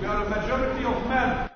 We are a majority of men.